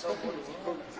Köszönöm.